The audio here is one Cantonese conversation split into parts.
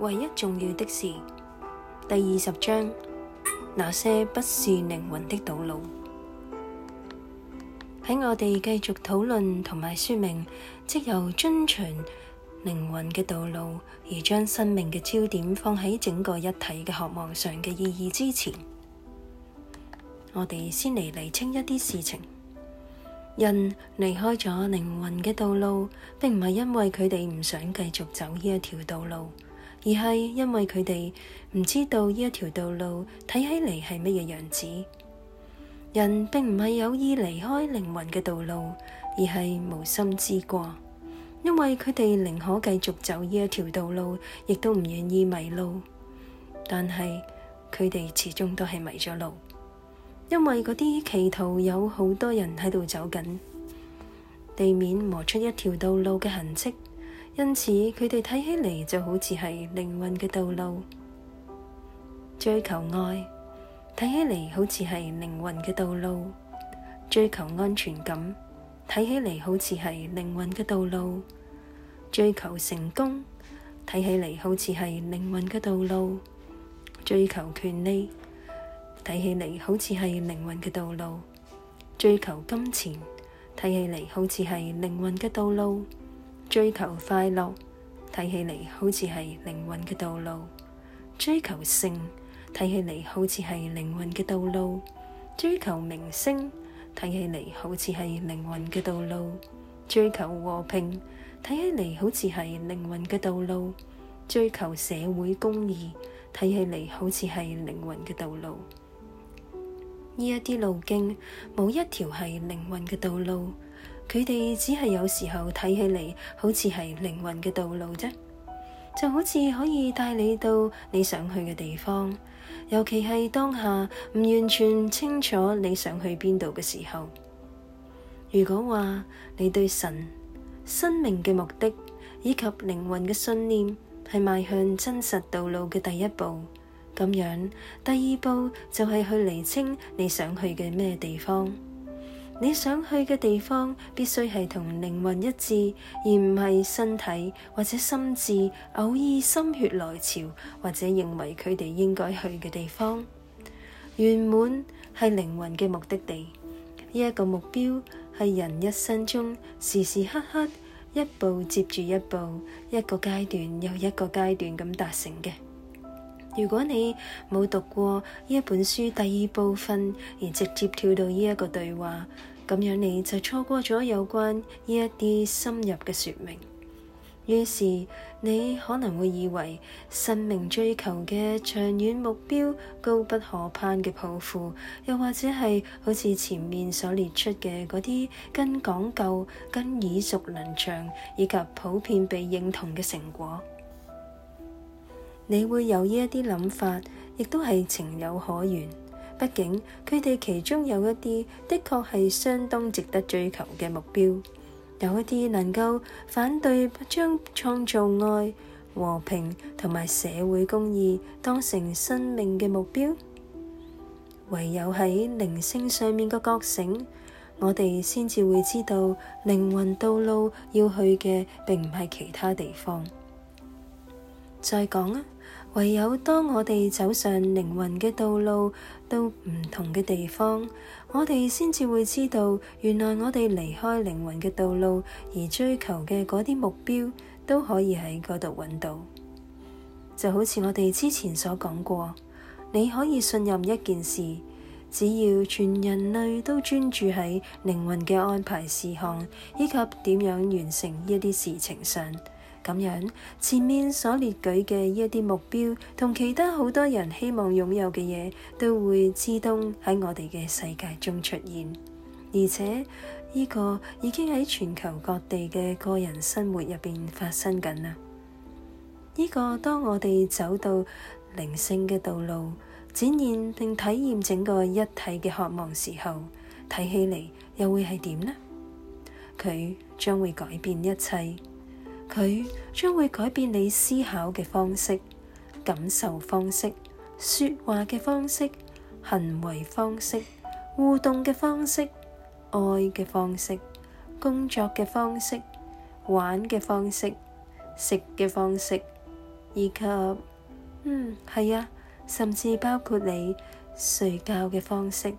唯一重要的事，第二十章，哪些不是靈魂的道路。喺我哋繼續討論同埋說明，即由遵循靈魂嘅道路而將生命嘅焦點放喺整個一體嘅渴望上嘅意義之前，我哋先嚟厘清一啲事情。人離開咗靈魂嘅道路，並唔係因為佢哋唔想繼續走呢一條道路。而係因為佢哋唔知道呢一條道路睇起嚟係乜嘢樣子，人並唔係有意離開靈魂嘅道路，而係無心之過。因為佢哋寧可繼續走呢一條道路，亦都唔願意迷路。但係佢哋始終都係迷咗路，因為嗰啲歧途有好多人喺度走緊，地面磨出一條道路嘅痕迹。因此，佢哋睇起嚟就好似係靈魂嘅道路；追求愛，睇起嚟好似係靈魂嘅道路；追求安全感，睇起嚟好似係靈魂嘅道路；追求成功，睇起嚟好似係靈魂嘅道路；追求權利，睇起嚟好似係靈魂嘅道路；追求金錢，睇起嚟好似係靈魂嘅道路。追求快樂，睇起嚟好似係靈魂嘅道路；追求性，睇起嚟好似係靈魂嘅道路；追求名聲，睇起嚟好似係靈魂嘅道路；追求和平，睇起嚟好似係靈魂嘅道路；追求社會公義，睇起嚟好似係靈魂嘅道路。呢一啲路徑，冇一條係靈魂嘅道路。佢哋只係有時候睇起嚟好似係靈魂嘅道路啫，就好似可以帶你到你想去嘅地方。尤其係當下唔完全清楚你想去邊度嘅時候，如果話你對神、生命嘅目的以及靈魂嘅信念係邁向真實道路嘅第一步，咁樣，第二步就係去釐清你想去嘅咩地方。你想去嘅地方，必須係同靈魂一致，而唔係身體或者心智偶爾心血來潮或者認為佢哋應該去嘅地方。圓滿係靈魂嘅目的地，呢一個目標係人一生中時時刻刻一步接住一步，一個階段又一個階段咁達成嘅。如果你冇讀過呢一本書第二部分，而直接跳到呢一個對話，咁樣你就錯過咗有關呢一啲深入嘅說明。於是你可能會以為，生命追求嘅長遠目標、高不可攀嘅抱負，又或者係好似前面所列出嘅嗰啲跟講究、跟耳熟能詳以及普遍被認同嘅成果。你會有呢一啲諗法，亦都係情有可原。畢竟佢哋其中有一啲的確係相當值得追求嘅目標，有一啲能夠反對將創造愛、和平同埋社會公義當成生命嘅目標。唯有喺靈性上面嘅覺醒，我哋先至會知道靈魂道路要去嘅，並唔係其他地方。再講啦！唯有當我哋走上靈魂嘅道路，到唔同嘅地方，我哋先至會知道，原來我哋離開靈魂嘅道路而追求嘅嗰啲目標，都可以喺嗰度揾到。就好似我哋之前所講過，你可以信任一件事，只要全人類都專注喺靈魂嘅安排事項，以及點樣完成一啲事情上。咁樣，前面所列舉嘅呢一啲目標，同其他好多人希望擁有嘅嘢，都會自動喺我哋嘅世界中出現，而且呢個已經喺全球各地嘅個人生活入邊發生緊啦。呢個當我哋走到靈性嘅道路，展現並體驗整個一體嘅渴望時候，睇起嚟又會係點呢？佢將會改變一切。佢將會改變你思考嘅方式、感受方式、說話嘅方式、行為方式、互動嘅方式、愛嘅方式、工作嘅方式、玩嘅方式、食嘅方式，以及，嗯，係啊，甚至包括你睡覺嘅方式。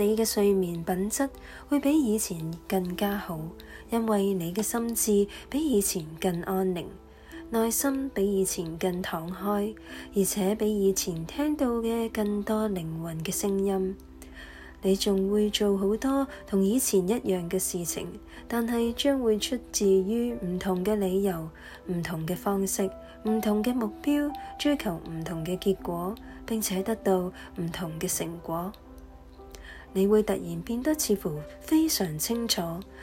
你嘅睡眠品質會比以前更加好，因為你嘅心智比以前更安寧，內心比以前更敞開，而且比以前聽到嘅更多靈魂嘅聲音。你仲會做好多同以前一樣嘅事情，但係將會出自於唔同嘅理由、唔同嘅方式、唔同嘅目標、追求唔同嘅結果，並且得到唔同嘅成果。你會突然變得似乎非常清楚，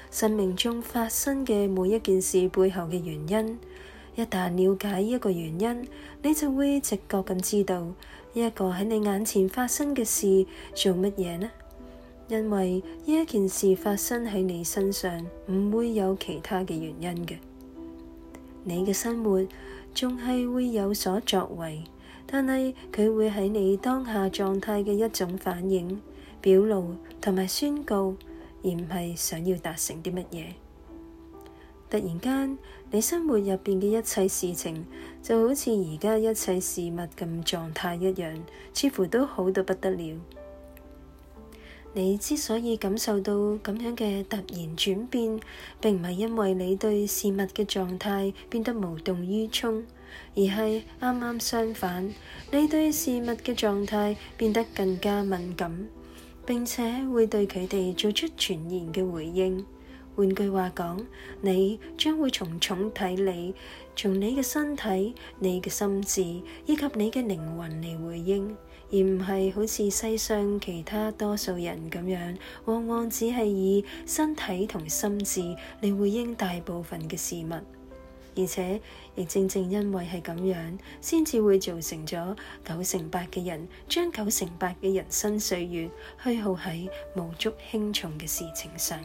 生命中發生嘅每一件事背後嘅原因。一旦了解呢一個原因，你就會直覺咁知道呢一個喺你眼前發生嘅事做乜嘢呢？因為呢一件事發生喺你身上唔會有其他嘅原因嘅。你嘅生活仲係會有所作為，但係佢會喺你當下狀態嘅一種反應。表露同埋宣告，而唔係想要達成啲乜嘢。突然間，你生活入邊嘅一切事情，就好似而家一切事物咁狀態一樣，似乎都好到不得了。你之所以感受到咁樣嘅突然轉變，並唔係因為你對事物嘅狀態變得無動於衷，而係啱啱相反，你對事物嘅狀態變得更加敏感。並且會對佢哋做出全然嘅回應。換句話講，你將會從總體您，從你嘅身體、你嘅心智以及你嘅靈魂嚟回應，而唔係好似世上其他多數人咁樣，往往只係以身體同心智嚟回應大部分嘅事物。而且亦正正因為係咁樣，先至會造成咗九成八嘅人，將九成八嘅人生歲月，虛耗喺無足輕重嘅事情上。